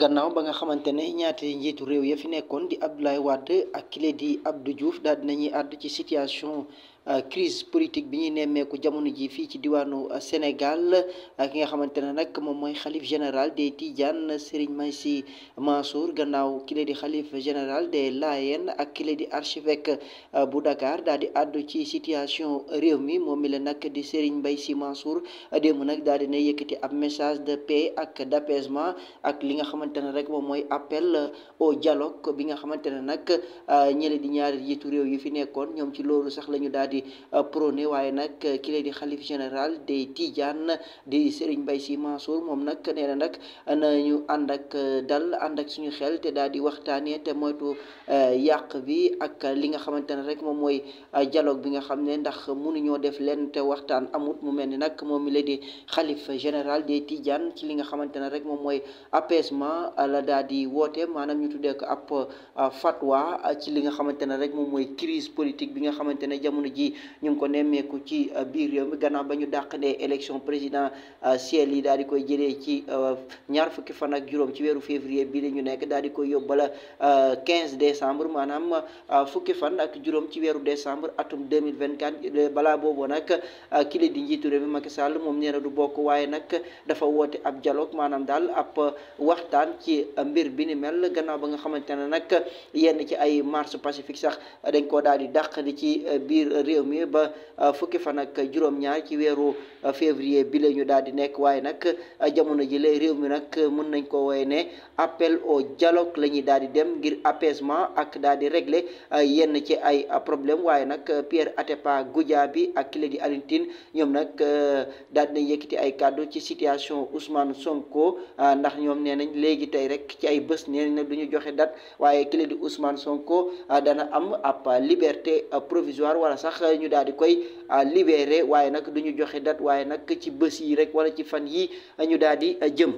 gannaaw ba nga xamante ne ñaate njiitu réew ya fi nekkoon di Abdoulaye Wade ak kile di Abdou Diouf daal dinañuy àdd ci situation Euh, crise politique bi ñuy nemmeeku jamono ji fii ci diwaanu euh, Sénégal euh, ki nga xamante ne nag moom mooy xalif général de des Tidiane Serigne Maysi Mansour gannaaw kile di xalif général des Layen ak kile di archevêque bu Dakar daal di àddu ci situation réew mi moom mi la nag di Serigne Mbaye Sy Mansour démb nag daal di na yëkkati ab message de paix ak d'apaisement ak li nga xamante ne rek moom mooy appel au dialogue bi nga xamante ne nag ñële di ñaari jiitu réew yi fi nekkoon ñoom ci loolu sax la ñu daal di eh, prôné waaye nag eh, ki lay di xalif général des Tidiane di Serigne Mbaye Sy Mansour moom nag nee na nag eh, nañu ànd ak dal ànd ak suñu xel te daal di waxtaan waxtaanee te moytu yàq bi ak li nga xamante ne rek moom mooy dialogue bi nga xam ne ndax mënuñoo def lenn waxtaan amut mu mel ni nag moom mi lay di xalif ci li nga xamante ne rek moom mooy apaisement la daal di woote maanaam ñu tuddee ko ab fatwa ci li nga xamante rek moom mooy crise politique bi nga xamante jamono ji ji ñu ngi ko nemmeeku ci uh, biir réew mi gannaaw ba ñu dàq ne élection présidentielle uh, yi daal di koy jëlee ci uh, ñaar fukki fan ak juróom ci weeru février bii la ñu nekk daal di koy yóbbala 15 décembre maanaam fukki fan ak juróom ci weeru décembre atum 2024 balaa boobu nag kii di njiitu réew mi Macky Sall moom nee du bokk waaye nag dafa woote ab dialogue maanaam daal ab waxtaan ci mbir bi ni mel gannaaw ba nga xamante ne nag yenn ci ay marche pacifique sax dañ koo daal di dàq di ci biir réew mi ba uh, fukki fan ak juróom-ñaar ci weeru uh, février bi la ñu daal di nekk waaye nag uh, jamono ji la réew mi nag mën nañ ko wooye ne appel au dialogue la ñuy daal di dem ngir apaisement ak daal di régler yenn ci ay problème waaye nag Pierre Atepa Goudiaby ak kile di Alioune Tine ñoom nag daal dinañ yëkkati ay kàddu ci situation Ousmane Sonko ndax ñoom nee nañ léegi tey rek ci ay bës nee nañ ñu joxe date waaye kile di Sonko dana am ab liberté provisoire wala sax saay ñu daal di koy ah, libéré waaye nag du ñu joxe date waaye nag ci bés yi rek wala ci fan yi ñu daal di ah, jëm